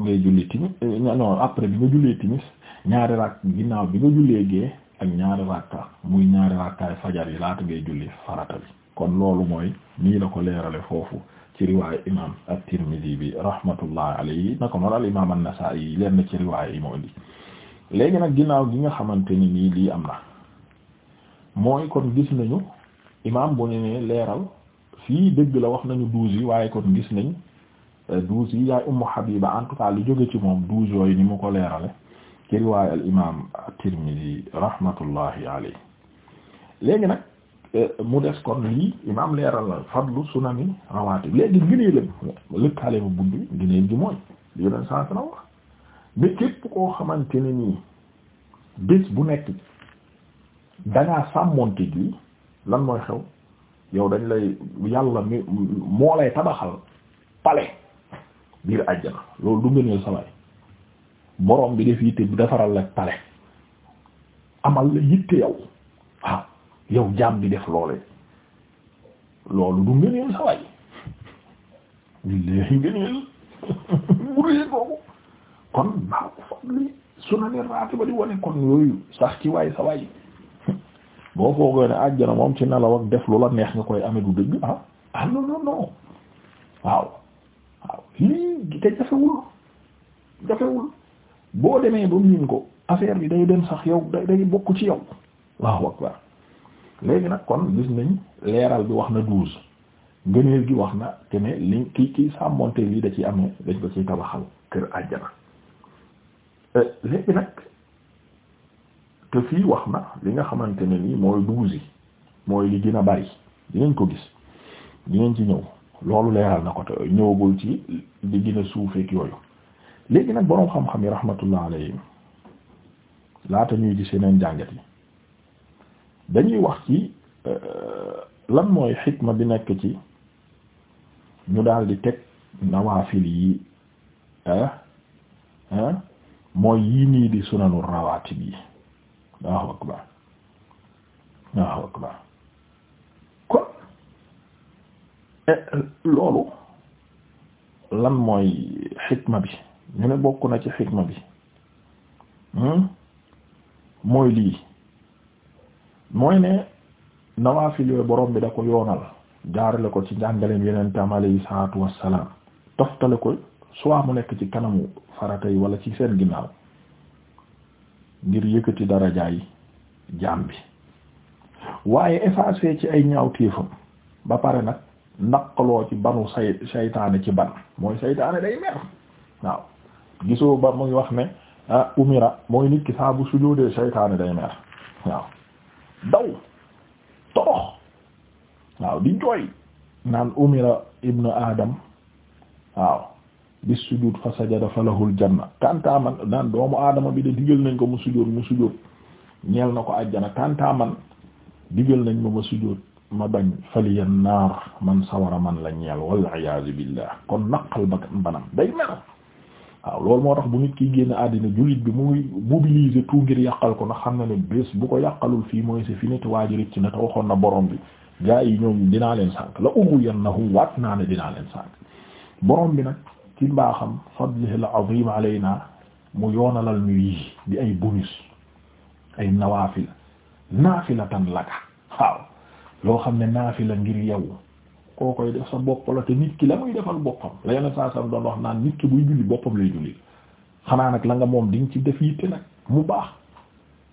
ngay julli timis euh, non après bi nga jullee timis ñaari rakk ginnaaw bi nga jullee gee ak ñaari rakka muy ñaari rakkaay fajar yi laata ngay julli farata bi kon loolu mooy nii la ko leerale foofu ci riwaaya imam at bi rahmatullahi alayhi nako noon al imam an-Nasa'i leen ci riwaaya yi moo indi léegi nag ginnaaw gi nga xamante ni nii lii am na mooy kon gis nañu imam bu ne ne leeral fii dëgg la wax nañu douze yi waaye kon gis nañ euh, douze yi yaay Ummu Habiba en tout cas lu jóge ci moom douze yooyu ni mu ko leerale ci riwaaya al imam at-Tirmidhi rahmatullahi alayhi léegi mu des kon lii imaam leeral la fadlu sunani rawaatib léegi ngëneelam lëkkaale ma bunt bi ngëneel gi mooy li yoneen saa sana wax ne képp koo xamante ne nii bés bu nekk dangaa sàmmoonte gi lan mooy xew yow dañ lay yàlla mi moo lay tabaxal pale biir àjjana loolu du ngëneel sawaay borom bi def yitte bi defaral la pale amal la yitte yow yow jaam bi def loole loolu du ngëneel sa waay billahi ngëneel bu rëy boobu kon baa ko fadli sunani raatiba di wane kon yooyu sax ci waay sa waay boo foogoo ne àjjana moom ci nelaw ak def lu la neex nga koy ame du dëgg ah ah non non non waaw waaw lii te jafewul jafewul boo demee ba miin ko affaire bi day dem sax yow day day bokk ci yow Allahu akbar léegi nag kon gis nañ leeral bi wax na douze ngëneel gi wax na te li ki ki sàmmonte lii da ciy amee dañ ko ciy tabaxal kër àjjana euh, léegi nag te fii wax na li nga xamante ne nii mooy douze yi mooy li gën a bari dinañ ko gis dinañ ci ñëw loolu leeral na ko te ñëwagul ci li gën a suufeek yooyu léegi nag boroom xam-xam yi rahmatullah alayhim laata ñuy gis yeneen jàngat yi dañuy wax ci euh, lan mooy xikma bi nekk ci ñu daldi di teg nawaafil yi mooy yii nii di sunanu rawaatib yi waaw akbar waaw akbar kon eh, loolu lan mooy xikma bi ñu ne bokk na ci xikma bi hmm? mooy lii mooy ne nawaafil yooyu borom bi da ko yoonal jaarale ko ci njàngaleem yeneen tam alayhi salaatu wassalaam toftale ko soit mu nekk ci kanamu farata yi wala ci seen ginnaaw ngir yëkkati darajaay jaam bi waaye effacé ci ay ñaaw téefam ba pare nag naqaloo ci banu say saytaane ci ban mooy saytaane day mer waaw gisoo ba muy wax ne ah, umira mooy nit ki saa bu sujóodee saytaane day mer waaw daw torox waaw di jooy naan umira ibnu adam waaw bis sujud fa sajada fa lahul janna man naan doomu aadama bi de digal nañ ko mu sujud mu sujud ñeel na ko àjjana kanta man digal nañ ma ma sujud ma bañ faliyan naar man sawara man la ñeel wal iyaazu billah kon naqal banam day mer waaw lool moo tax bu nit ki génn àddina jullit bi muy mobiliser tout ngir yàqal ko ndax xam na ne bés bu ko yàqalul fii mooy si fi nit waajur ci na te waxoon na borom bi gaa yi ñoom dinaa leen sànk la ughwiyannahum waat naa ne dinaa leen sànk borom bi nag ki mbaaxam fadlihi al-azim alayna mu yoonalal ñu yii di ay bonus ay nawaafil naafilatan laka waaw loo xam ne naafila ngir yow koo koy def sa bopp la te nit ki la muy defal boppam la yeneen saa sam doon wax naan nit ki buy julli boppam lay julli xanaa nag la moom di nga ci def yitte nag mu baax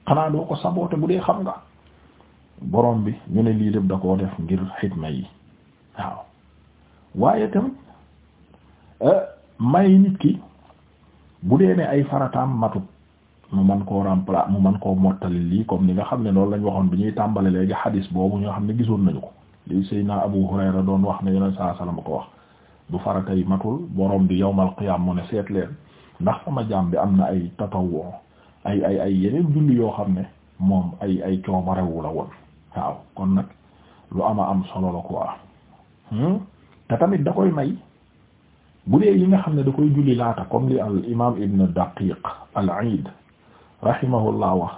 xanaa doo ko saboote bu dee xam nga borom bi ñu ne lii def da koo def ngir xikma yi waaw waaye tam euh, may nit ki bu dee ne ay farataam matut mu man koo remplacer mu man koo mottali lii comme ni nga xam ne loolu lañ waxoon bi ñuy tàmbali léegi xadis boobu ñoo xam ne gisoon nañu ko li Seydina Abu Hurayra doon wax ne yoneen saa sallam ko wax bu farata yi matul borom bi yawmal qiyaam mu ne seet leen ndax sama jaam bi am na ay tatawwu ay ay ay yeneen julli yoo xam ne moom ay ay coobarewu la woon kon nag lu ama am solo la quoi hmm? te tamit da bu yi nga ne da koy julli laata comme li al imaam ibn daqiq al aid rahimahullah wax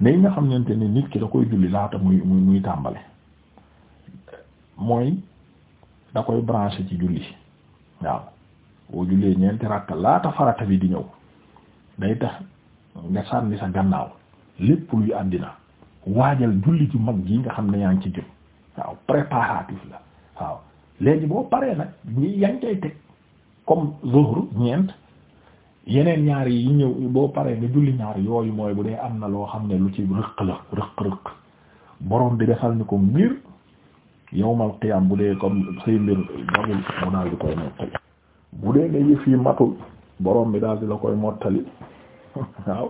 ne yi nga xam ne nit ki da koy julli laata muy muy muy tàmbale mooy da koy branché ci julli waaw boo jullee ñeenti rakka laata farata bi di ñëw day tax nga sànni sa gannaaw lépp luy àddina waajal julli ci mag yi nga xam ne yaa ngi ci jëm waaw préparatif la waaw léegi boo paree nag ñi ñaar yi ñëw paree nga julli ñaar yooyu mooy bu dee am na loo xam ne lu ci rëq rëq-rëq borom bi defal ni ko ngir yawmal qiyam bu dee comme say mbir damul mu daal di koy mottali bu dee ne yëf yi matul borom bi daal di la koy mottali waaw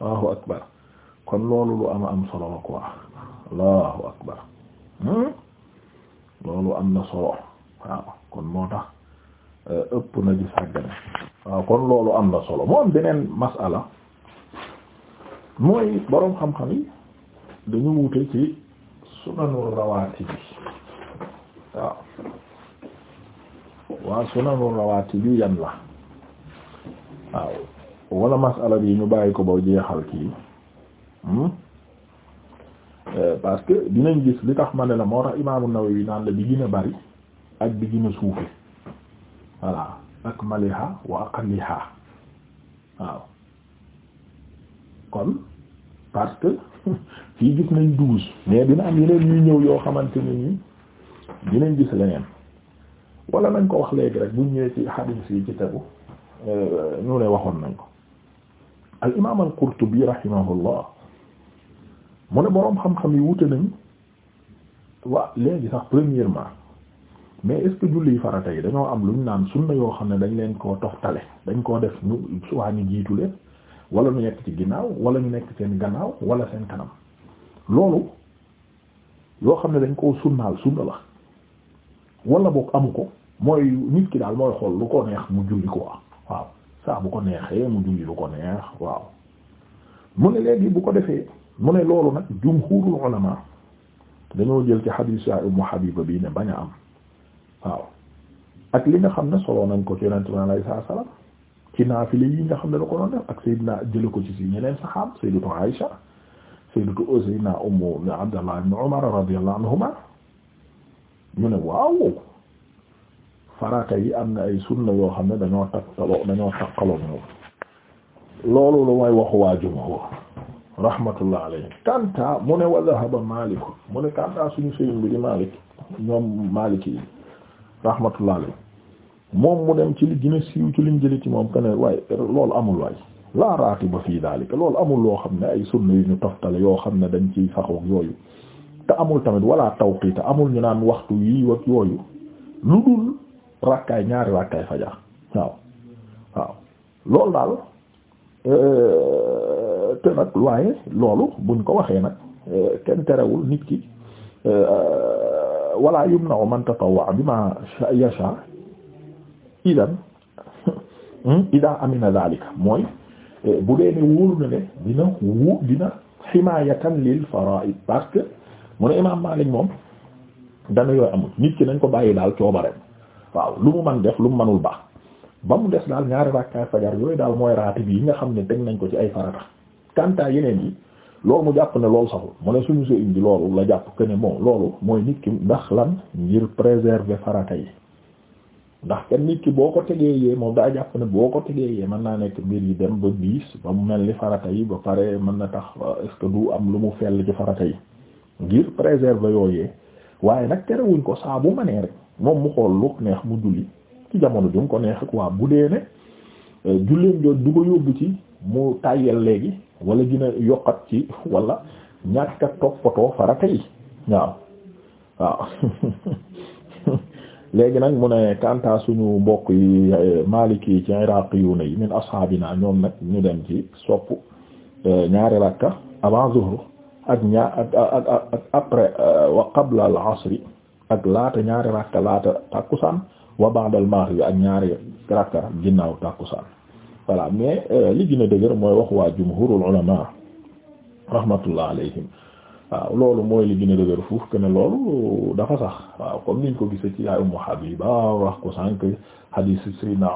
allahu akbar kon loolu lu am solo hmm? am na solo waaw kon moo tax euh, ëpp na di sàggane waaw kon loolu am na solo moom beneen masala mooy boroom xam-xam yi dañu wute ci sunanur rawaatibi waaw waaw sunanur rawaatibi yan la waaw wala masala yi ñu bàyyi ko ba jeexal kii hmm? eh, parce que dinañ gis li tax ma ne la moo tax imaamu Nawawi naan la bi gën a bari ak bi gën a suufe ak maliha wa aqaliha waaw kon parce que fii gis nañ douze mais dina am yeneen ñuy ñëw yoo xamante ne nii dinañ gis leneen wala nañ ko wax léegi rek buñ ñëwee ci hadith yi ci tegu euh, ñu ne waxoon nañ ko al imaam al qurtubi rahimahullah mu ne boroom xam-xam yi wute nañ waa léegi sax premièrement mais est-ce que farata yi dañoo am lu ñu naan sunna yoo xam ne dañ leen koo toftale dañ koo def ñu suwaa ñu jiitu leen wala ñu nekk ci ginnaaw wala ñu nekk seen gannaaw wala seen kanam loolu yoo xam ne dañ koo sunnaal sunna la wala boog amu ko mooy nit ki daal mooy xool lu ko neex mu julli ko waaw saa bu ko neexee mu julli lu ko neex waaw mu ne léegi bu ko defee mu ne loolu nag jumhurul ulama dañoo jël ci xadiis ya Ummu Habiba bi ne bañ a am waaw ak li nga xam ne solo nañ ko ci yonent bi alayhi salaam ci naafile yi nga xam ne da ko doon def ak Seydina jële ko ci si ñeneen saxaab Sayyidatu Aïsha Sayyidatu Sayyidina Ummu Abdallah ibn Umar radiyallahu anhuma ñu ne waaw farata yi am na ay sunna yoo xam ne dañoo takkaloo dañoo takkaloo moom loolu lu may waxu waa jumhur rahmatullah alayhi kanta mu ne wa Maalik mu ne kanta suñu sëriñ bi Maalik ñoom Maalik yi rahmatullah alayhi moom mu dem ci li gën siiw ci liñ jëli ci moom keneen waaye loolu amul waay laa raati ba fii daalika loolu amul loo xam ne ay sunna yu ñu toftale yoo xam ne dañ ciy saxoog yooyu te amul tamit wala tawqiita amul ñu naan waxtu yii wak yooyu lu dul rakkaay ñaari rakkaay fajar waaw waaw loolu daal euh, te nag waaye loolu buñ ko waxee nag euh, kenn terewul nit ki euh, wala yum na o man tatawwa bi ma yasha idan hmm, ida amina zalika mooy eh, bu dee ne wóolu na ne dina wu dina himayatan lil fara'id parce que mu ne imam Malik moom dana yooyu amul nit ki nañ ko bàyyi daal coobareem waaw lu mu man def lu mu manul baax ba mu des daal ñaari rakkaay fajar yooyu daal mooy raati bi yi nga xam ne teg nañ ko ci ay farata kantaa yeneen yi loolu mu jàpp ne loolu saxul mu ne suñu sëriñ bi loolu la jàpp que ne loolu mooy nit ki ndax lan ngir préserver farata yi ndax kenn nit ki boo ko tegee yee moom daa jàpp ne boo ko tegee yee mën naa nekk mbir yi dem ba biis ba mel ni farata yi ba pare mën na tax est-ce du am lu mu fel ci farata yi ngir préserver yooyee waaye nag terewuñ ko saabu bu manee rek moom mu xool lu neex mu julli ci jamono ju mu ko neex ak waa bu dee ne euh, julleen joon du ko yóbbu ci mu tàyyel léegi wala dina yokkat ci wala ñàkk a toppatoo farata yi waaw waaw léegi nag mu ne kanta suñu mbokk yi eh, maliki yi ci iraqiyuna yi min ashaabina ñoom nag ñu dem ci sopp eh, ñaari rakka avant zuhr ak ñaar ak ak ak après eh, wa qabla al asri ak laata ñaari rakka laata tàkkusaan wa ba'da al maghrib ak ñaari rakka ginnaaw tàkkusaan voilà mais li gën a dëgër mooy wax waa jumhurul ulama rahmatullah alayhim waaw loolu mooy li gën a dëgër fuuf que ne loolu dafa sax waaw comme niñ ko gisee ci yaay Ummu Habiba wax ko sànq hadith Sayyidina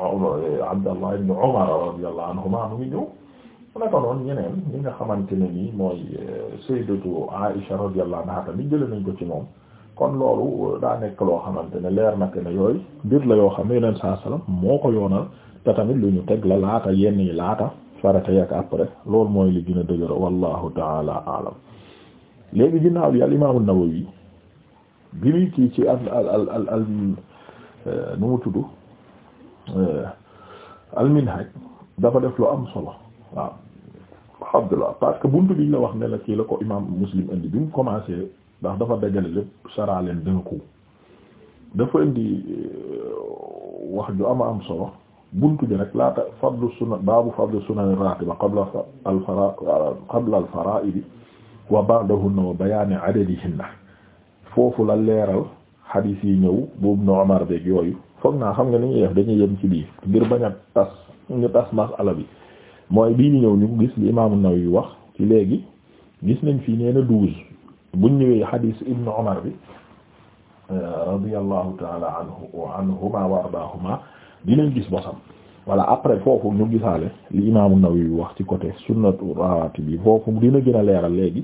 Abdallah ibn Umar radiyallahu anhuma mu a ñëw naka noonu ñeneen ñi nga xamante ne nii mooy euh, Sayyidatu Aisha radiyallahu anha tamit jëlee nañ ko ci moom kon loolu euh, daa nekk loo xamante ne leer na ne yooy mbir la yoo xam ne yeneen saa salaam moo ko yoonal te tamit lu ñu teg la laata yenn yi laata farata yeeg après loolu mooy li gën a dëgër wallahu ta'ala a'lam léegi ginnaaw bi al imaamu Nawawi bi muy kii ci al al al euh, nu mu tudd euh, al minhaj dafa def lu am solo waaw alhamdulillah parce que la wax ne la kii la ko imaam Muslim bi mu commencé ndax dafa dajale lépp saraaleen d'un coup dafa indi euh, wax ju ama am solo buntu bi nag laata fadlu sunan baabu fadlu sunan raatiba qabla al fara qabla al faraa'id wa ba'dahunna wa bayaani adadihinna foofu la leeral xadiis yi ñëw boobu no Umar beeg yooyu foog naa xam nga ni ñuy def dañuy yem ci lii ngir bañ a tas ñu tas masala bi mooy bii ni ñëw ñu gis li imaamu Nawawi wax ci léegi gis nañ fii nee na douze buñ ñëwee xadiis ibnu Umar bi radiyallahu ta'ala anhu wa anhuma wa ardaahuma dinañ gis bosam voilà après foofu ñu gisaale li imaamu yi wax ci côté sunnatu rawaati bi foofu dina gën a leeral léegi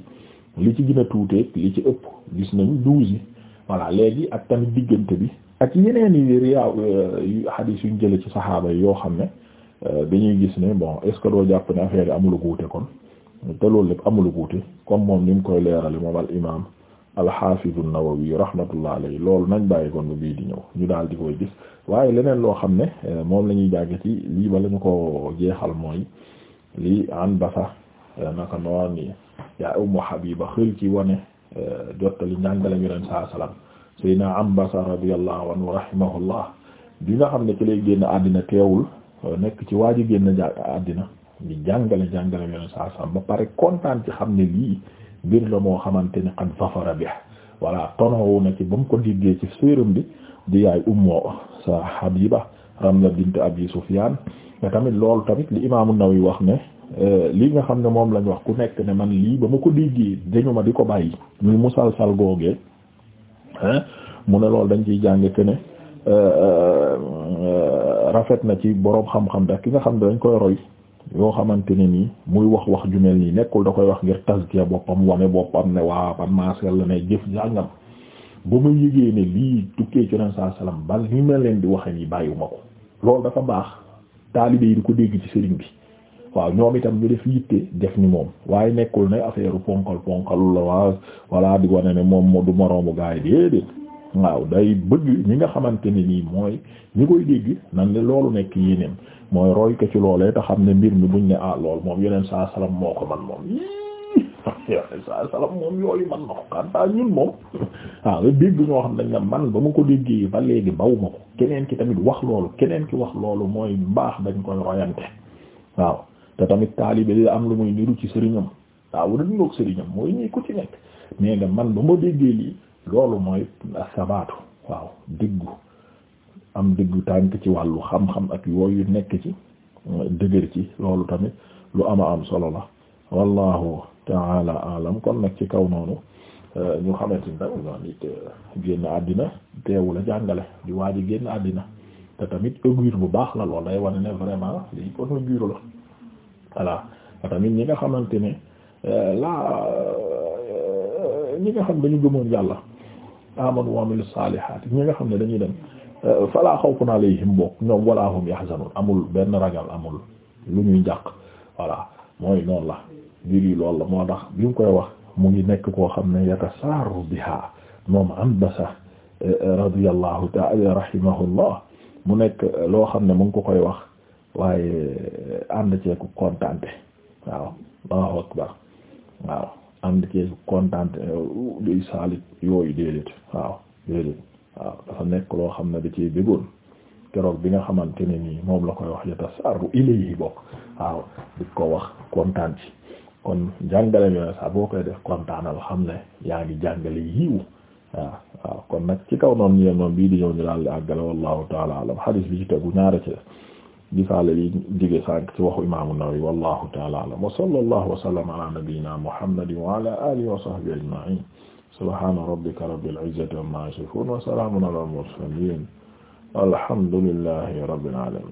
li ci gën a tuuteeg li ci ëpp gis nañu douze yi voilà léegi ak tamit diggante bi ak yeneen yi i riyaa euh, hadis yuñ jële ci saxaaba yi yoo xam ne euh, dañuy gis ne bon est ce que doo jàpp ne affaire yi amul guute kon te loolu lépp amul guute comme moom ni mu koy leerale moom al imaam alxaafidu nawawi rahmatullah alayhi loolu nañ bàyyi kon ba bii di ñëw ñu daal di koy gis waaye leneen loo xam ne euh, moom la ñuy jàgg ci lii bala ñu ko jeexal mooy lii an basa euh, naka noon ni yaa ummu habiba xël ci wane euh, jottali njàngale yoneen saa salaam sayna am basa radiyallahu anhu rahimahullah bi nga xam ne ci lay génn àddina teewul nekk ci waa ji génn àddina di jàngale jàngale yoneen saa salaam ba pare kontaan ci xam ne lii mbir la moo xamante ne qad zafara bi voilà tonowu na ci ba mu ko diggee ci séeram bi di yaay ummu sa Habiba Ramla bint Abi Sufyan te tamit loolu tamit li imaamu yi wax ne euh, lii nga xam ne moom lañu wax ku nekk ne man lii ba ma ko déggee dañu ma di ko bàyyi muy musalsal googee mu ne loolu dañ ciy jàng que ne euh, euh, rafet na ci boroom xam-xam bi ki nga xam ne dañ koy roy yoo xamante ne nii muy wax wax ju mel nii nekkul da koy wax ngir tazkiya boppam wane boppam ne waa ban maa sell ne jëf jàngam ba ma yëgee ne lii tukkee ci saa salaam ba ni ma leen di waxee nii bàyyiwuma ko loolu dafa baax taalibe yi di ko dégg ci sëriñ bi waaw ñoom itam ñu def yitte def ni moom waaye nekkul ne affaire ponkal ponkalu la waa walla di wane ne moom moo du moroomu gaa yi déedéet waaw day bëgg ñi nga xamante ne nii mooy ñi koy dégg nan la loolu nekk yéeneem mooy roy ko ci loolee te xam ne mbir mi buñ ne ah lool moom yeneen saa salaam moo ko man moom yeneen saa yooyu man na ko kantaa ñun moom waaw la ah, dégg ñoo xam dañ ne man ba ma ko déggee ba léegi baw ko keneen ki wax loolu keneen ki wax loolu mooy baax dañ koy royante tamit taalibe di am lu muy niru ci sëriñam waaw dañu ñëw sëriñam mooy ñii ci nekk mais nga man ba ma déggee lii loolu mooy ah, sabaatu waaw déggu am dëggu tànk ci wàllu xam-xam ak yooyu nekk ci dëgër ci loolu tamit lu ama am solo la wallahu taala alam kon nag ci kaw noonu euh, ñu xamante ni nag ñoon génn àddina teewu la jàngale di ji génn àddina te tamit bu baax la loolu day wane ne vraiment lii kon augure la voilà te ñi nga xamante ne euh, laa euh, ñi nga xam dañu gëmoon yàlla amanu wa amilu saalihaat ñi nga xam ne dañuy dem Euh, falaa xawfun alayhim bokk ñoom wala hum yahzanun amul benn ragal amul lu ñuy njàq voilà mooy noonu la mbir yi loolu la moo tax bi mu koy wax mu ngi nekk koo xam ne yatasaaru biha moom Anbasa euh, radiyallahu ta'ala rahimahullah mu nekk loo xam ne mu ngi ko koy wax waaye euh, ànd ceeku kontante waaw Allahu akbar waaw ànd ceeku kontante luy saalit yooyu déedéet waaw déedéet waaw dafa nekk loo xam ne di cee bëggoon keroog bi nga xamante ne ni moom la koy wax yatasarru ilayhi bokk waaw di ko wax kontaan ci kon jàngale yooyu sax boo koy def kontaanal xam ne yaa ngi jàngale yiiw kon nag ci kaw noonu ñu moom bii di ñëw ñu daal di àggale wallahu taala alam hadis bi ci tegu ñaare ci gisaale yi jige sànq ci waxu imaamu Nawawi wallahu taala alam wa sallallahu wa sallama ala nabiyyina muhammadin wa ala alihi wa sahbihi ajma'in subhaana rabbika rabbil izzati ammaa yasifuun wa salaamun alal mursaliin walhamdu lillahi rabbil aalamiin